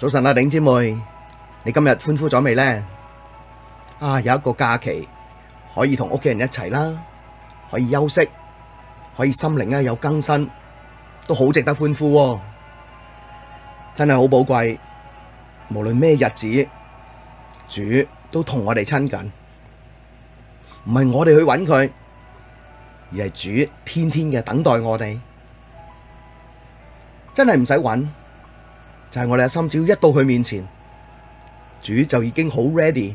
早晨啦，頂姐妹，你今日歡呼咗未呢？啊，有一個假期可以同屋企人一齊啦，可以休息，可以心靈咧有更新，都好值得歡呼，真係好寶貴。無論咩日子，主都同我哋親近，唔係我哋去揾佢，而係主天天嘅等待我哋，真係唔使揾。就係我哋阿心，只要一到佢面前，主就已經好 ready，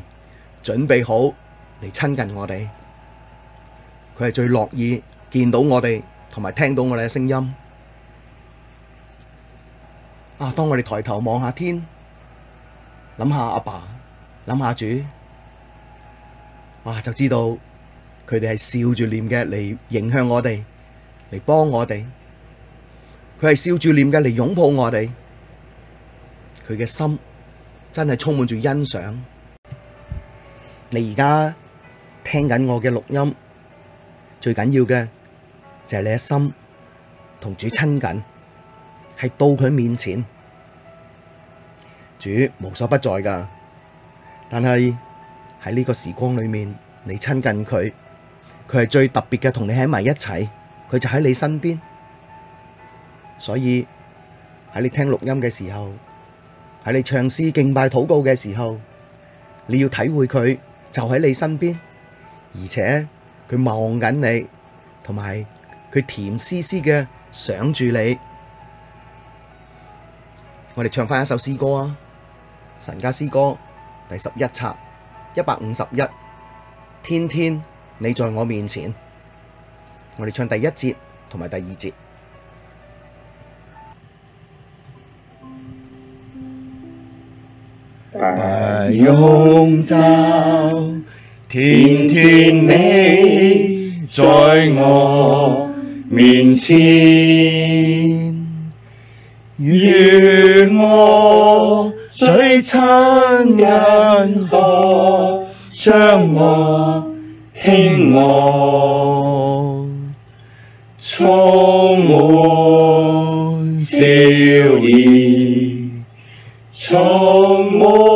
準備好嚟，親近我哋。佢係最樂意見到我哋，同埋聽到我哋嘅聲音。啊！當我哋抬頭望下天，諗下阿爸，諗下主，哇、啊！就知道佢哋係笑住念嘅嚟迎向我哋，嚟幫我哋。佢係笑住念嘅嚟擁抱我哋。佢嘅心真係充滿住欣賞。你而家聽緊我嘅錄音，最緊要嘅就係你嘅心同主親近，係到佢面前。主無所不在噶，但係喺呢個時光裏面，你親近佢，佢係最特別嘅，同你喺埋一齊，佢就喺你身邊。所以喺你聽錄音嘅時候，喺你唱詩敬拜禱告嘅時候，你要體會佢就喺你身邊，而且佢望緊你，同埋佢甜絲絲嘅想住你。我哋唱返一首詩歌啊，《神家詩歌》第十一冊一百五十一，1, 天天你在我面前。我哋唱第一節同埋第二節。不用找，天天你在我面前，與我最親近看著我、聽我，充滿笑意，充滿。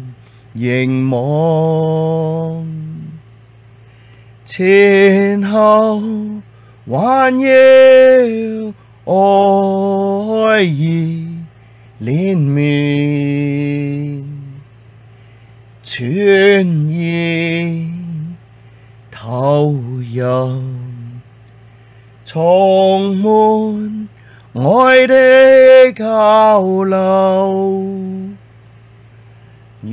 凝望前後，環繞愛意連綿，全然投入，充滿愛的交流。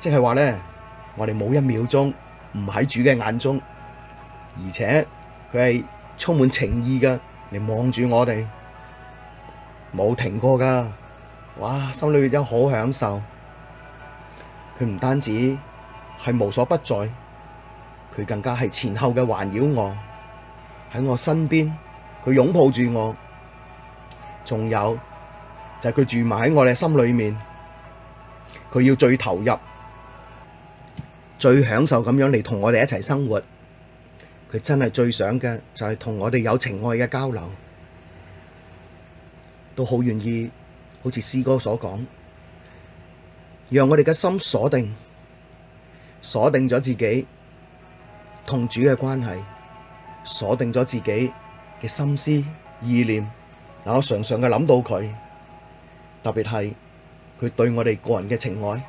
即係話咧，我哋冇一秒鐘唔喺主嘅眼中，而且佢係充滿情意嘅嚟望住我哋，冇停過噶，哇！心裏邊真好享受。佢唔單止係無所不在，佢更加係前後嘅環繞我喺我身邊，佢擁抱住我，仲有就係、是、佢住埋喺我哋心裏面，佢要最投入。最享受咁樣嚟，同我哋一齊生活，佢真係最想嘅就係同我哋有情愛嘅交流，都好願意，好似詩歌所講，讓我哋嘅心鎖定，鎖定咗自己同主嘅關係，鎖定咗自己嘅心思意念。嗱，我常常嘅諗到佢，特別係佢對我哋個人嘅情愛。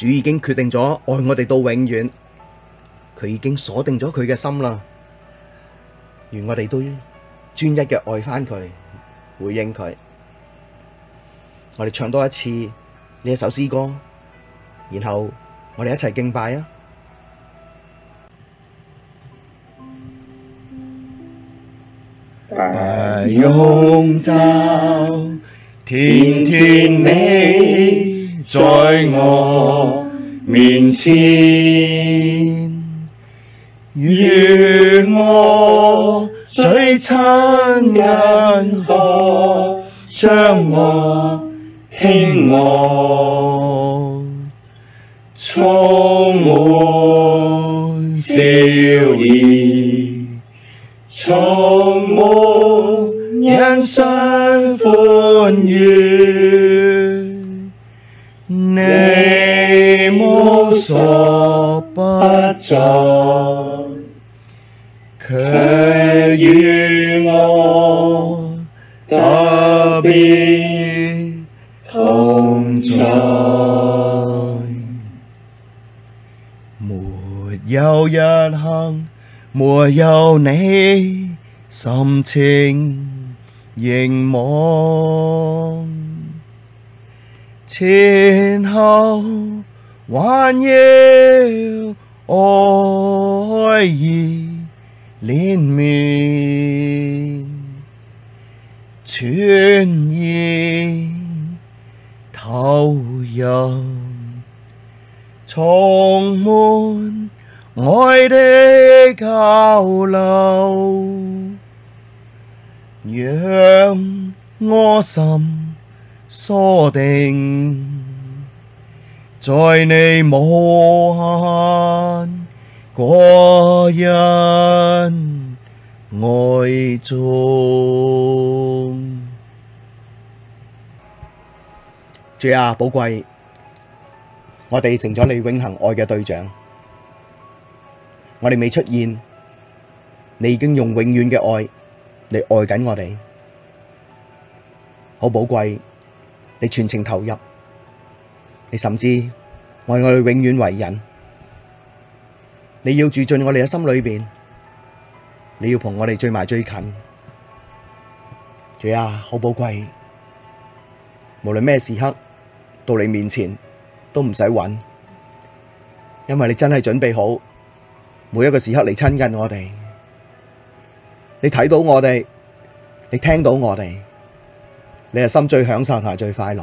主已經決定咗愛我哋到永遠，佢已經鎖定咗佢嘅心啦。願我哋都專一嘅愛返佢，回應佢。我哋唱多一次呢一首詩歌，然後我哋一齊敬拜啊！啊！永晝天天你，在我面前，與我最親近看著我、聽我，充滿笑意，充滿欣賞、歡愉。所不在，卻與我特別同在。沒有一刻，沒有你深情凝望前後。環繞愛意連綿，全然投入充滿愛的交流，讓我心鎖定。在你無限個人愛中，主啊寶貴，我哋成咗你永恆愛嘅對象。我哋未出現，你已經用永遠嘅愛嚟愛緊我哋。好寶貴，你全程投入。你甚至愛我哋永遠為人。你要住進我哋嘅心裏邊，你要同我哋最埋最近，主啊好寶貴，無論咩時刻到你面前都唔使揾，因為你真係準備好每一個時刻嚟親近我哋，你睇到我哋，你聽到我哋，你嘅心最享受，係最快樂。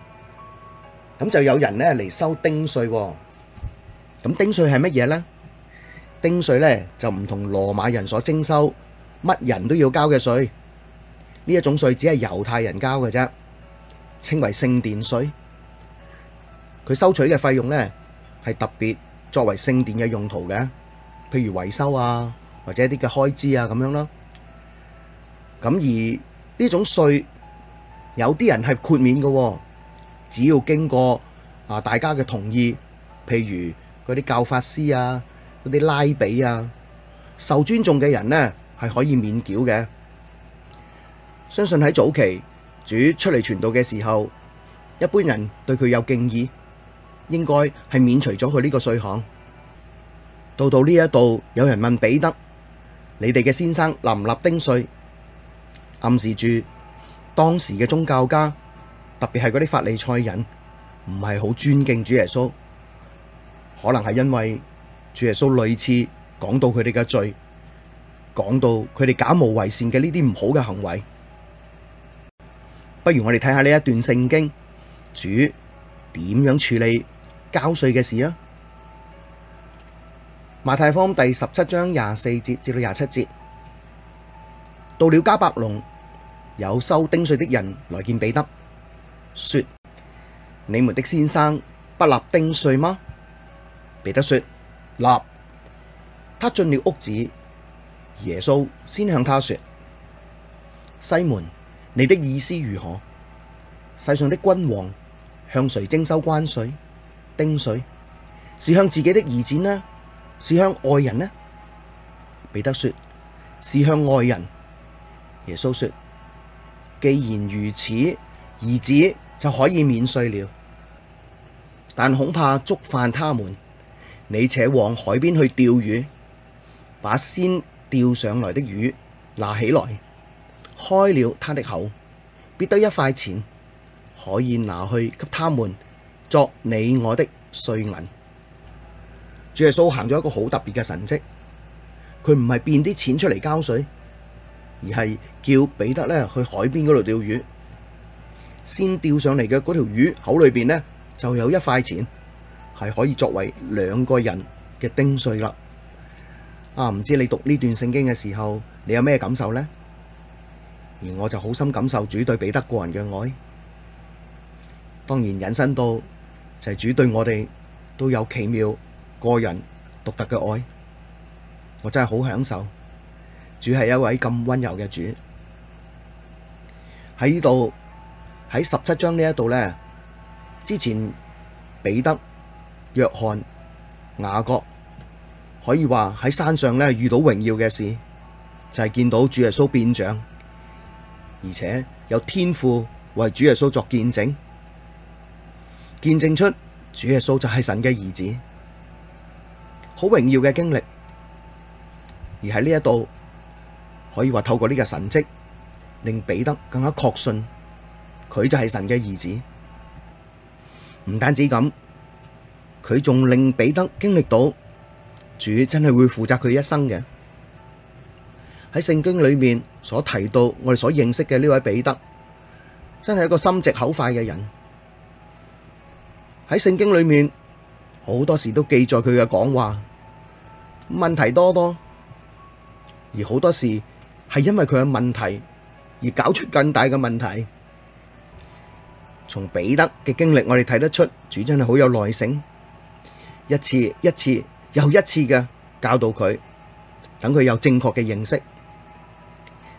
咁就有人呢嚟收丁稅喎。咁丁稅係乜嘢呢？丁稅呢，就唔同羅馬人所徵收，乜人都要交嘅稅，呢一種稅只係猶太人交嘅啫，稱為聖殿稅。佢收取嘅費用呢，係特別作為聖殿嘅用途嘅，譬如維修啊或者一啲嘅開支啊咁樣咯。咁而呢種稅有啲人係豁免嘅喎。只要經過啊大家嘅同意，譬如嗰啲教法師啊、嗰啲拉比啊，受尊重嘅人呢，係可以免繳嘅。相信喺早期主出嚟傳道嘅時候，一般人對佢有敬意，應該係免除咗佢呢個稅項。到到呢一度，有人問彼得：你哋嘅先生立唔立丁稅？暗示住當時嘅宗教家。特別係嗰啲法利賽人，唔係好尊敬主耶穌，可能係因為主耶穌屢次講到佢哋嘅罪，講到佢哋假冒為善嘅呢啲唔好嘅行為。不如我哋睇下呢一段聖經，主點樣處理交稅嘅事啊？馬太方第十七章廿四節至到廿七節，到了迦百農，有收丁稅的人來見彼得，說你們的先生不納丁稅嗎？彼得說：納。」他進了屋子，耶穌先向他說：西門，你的意思如何？世上的君王向誰徵收關稅、丁稅？是向自己的兒子呢，是向外人呢？彼得說：是向外人。耶穌說：既然如此。兒子就可以免稅了。但恐怕觸犯他們，你且往海邊去釣魚，把先釣上來的魚拿起來，開了他的口，必得一塊錢，可以拿去給他們，作你我的稅銀。主耶穌行咗一個好特別嘅神跡，佢唔係變啲錢出嚟交稅，而係叫彼得呢去海邊嗰度釣魚。先釣上嚟嘅嗰條魚口裏邊呢，就有一塊錢，係可以作為兩個人嘅丁稅啦。啊，唔知你讀呢段聖經嘅時候，你有咩感受呢？而我就好心感受主對彼得個人嘅愛，當然引申到就係、是、主對我哋都有奇妙個人獨特嘅愛。我真係好享受，主係一位咁溫柔嘅主喺呢度。喺十七章呢一度呢，之前彼得、約翰、雅各可以話喺山上呢遇到榮耀嘅事，就係見到主耶穌變像，而且有天父為主耶穌作見證，見證出主耶穌就係神嘅兒子，好榮耀嘅經歷。而喺呢一度可以話透過呢個神蹟，令彼得更加確信。佢就係神嘅兒子，唔單止咁，佢仲令彼得經歷到主真係會負責佢一生嘅。喺聖經裏面所提到，我哋所認識嘅呢位彼得，真係一個心直口快嘅人。喺聖經裏面好多時都記載佢嘅講話，問題多多，而好多事係因為佢嘅問題而搞出更大嘅問題。從彼得嘅經歷，我哋睇得出主真係好有耐性，一次一次又一次嘅教導佢，等佢有正確嘅認識。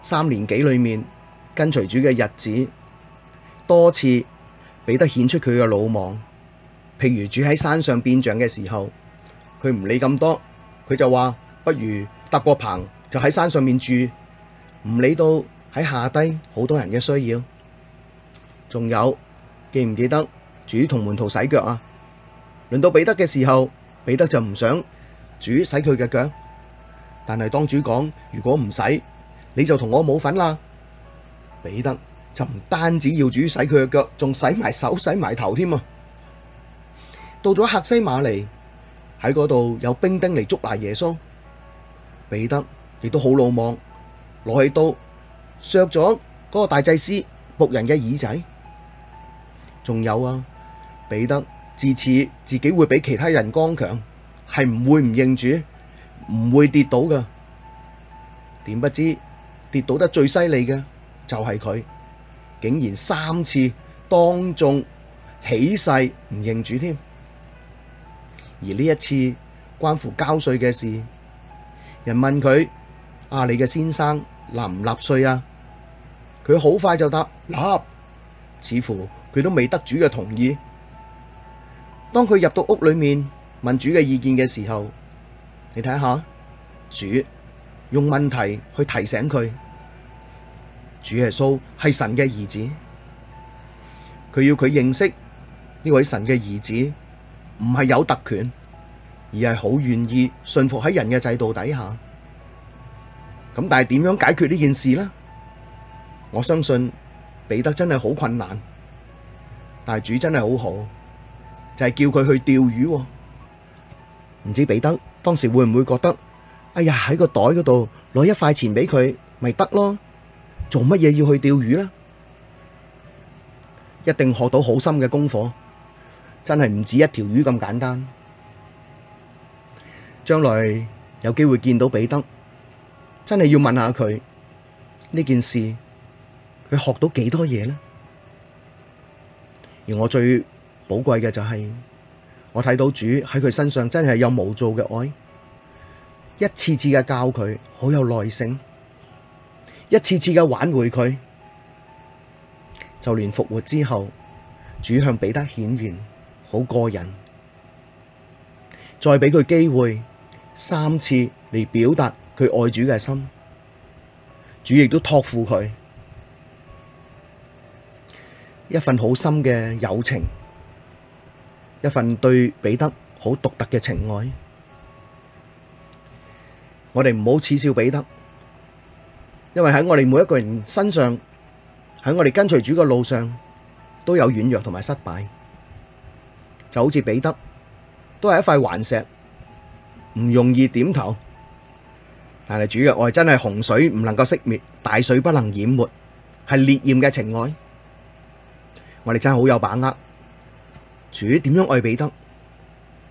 三年幾裏面跟隨主嘅日子，多次彼得顯出佢嘅魯莽，譬如主喺山上變像嘅時候，佢唔理咁多，佢就話不如搭個棚就喺山上面住，唔理到喺下低好多人嘅需要。仲有。記唔記得主同門徒洗腳啊？輪到彼得嘅時候，彼得就唔想主洗佢嘅腳，但係當主講，如果唔洗，你就同我冇份啦。彼得就唔單止要主洗佢嘅腳，仲洗埋手、洗埋頭添啊！到咗客西馬尼，喺嗰度有兵丁嚟捉拿耶穌，彼得亦都好魯莽，攞起刀削咗嗰個大祭司僕人嘅耳仔。仲有啊，彼得自此自己會比其他人剛強，係唔會唔認主，唔會跌倒嘅。點不知跌倒得最犀利嘅就係佢，竟然三次當眾起勢唔認主添。而呢一次關乎交稅嘅事，人問佢：啊，你嘅先生納唔納稅啊？佢好快就答：納，似乎，佢都未得主嘅同意。當佢入到屋裏面問主嘅意見嘅時候，你睇下，主用問題去提醒佢。主耶穌係神嘅兒子，佢要佢認識呢位神嘅兒子，唔係有特權，而係好願意信服喺人嘅制度底下。咁但係點樣解決呢件事呢？我相信彼得真係好困難。大主真係好好，就係、是、叫佢去釣魚、啊，唔知彼得當時會唔會覺得，哎呀喺個袋嗰度攞一塊錢俾佢，咪得咯，做乜嘢要去釣魚呢、啊？一定學到好深嘅功課，真係唔止一條魚咁簡單。將來有機會見到彼得，真係要問下佢呢件事，佢學到幾多嘢呢？」而我最寶貴嘅就係，我睇到主喺佢身上真係有無做嘅愛，一次次嘅教佢，好有耐性，一次次嘅挽回佢，就連復活之後，主向彼得顯現，好過癮，再畀佢機會三次嚟表達佢愛主嘅心，主亦都託付佢。一份好深嘅友情，一份對彼得好獨特嘅情愛，我哋唔好恥笑彼得，因為喺我哋每一個人身上，喺我哋跟隨主嘅路上，都有軟弱同埋失敗，就好似彼得，都係一塊頑石，唔容易點頭，但係主嘅愛真係洪水唔能夠熄滅，大水不能淹沒，係烈焰嘅情愛。我哋真係好有把握，主點樣愛彼得，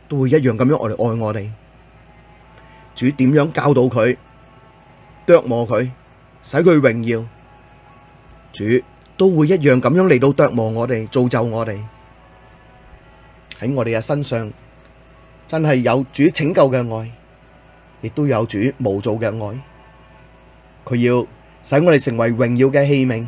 都會一樣咁樣愛嚟愛我哋。主點樣教導佢，琢磨佢，使佢榮耀，主都會一樣咁樣嚟到琢磨我哋，造就我哋。喺我哋嘅身上，真係有主拯救嘅愛，亦都有主模造嘅愛。佢要使我哋成為榮耀嘅器皿。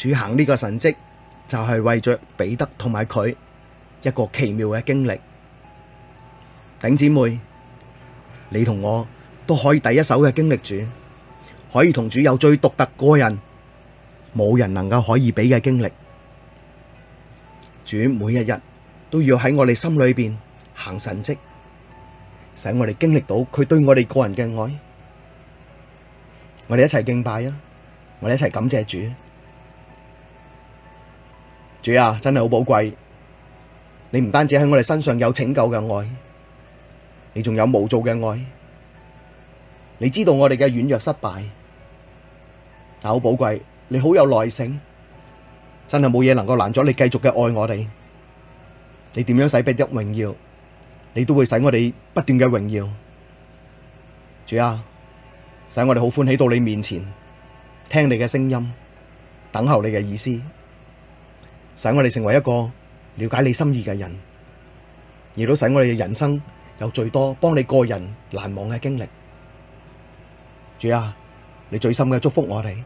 主行呢個神蹟，就係為着彼得同埋佢一個奇妙嘅經歷。頂姊妹，你同我都可以第一手嘅經歷主，可以同主有最獨特個人，冇人能夠可以俾嘅經歷。主每一日都要喺我哋心裏邊行神蹟，使我哋經歷到佢對我哋個人嘅愛。我哋一齊敬拜啊！我哋一齊感謝主。主啊，真係好寶貴！你唔單止喺我哋身上有拯救嘅愛，你仲有模造嘅愛。你知道我哋嘅軟弱失敗，但好寶貴，你好有耐性，真係冇嘢能夠攔阻你繼續嘅愛我哋。你點樣使不一榮耀，你都會使我哋不斷嘅榮耀。主啊，使我哋好歡喜到你面前，聽你嘅聲音，等候你嘅意思。使我哋成為一個了解你心意嘅人，亦都使我哋嘅人生有最多幫你個人難忘嘅經歷。主啊，你最深嘅祝福我哋。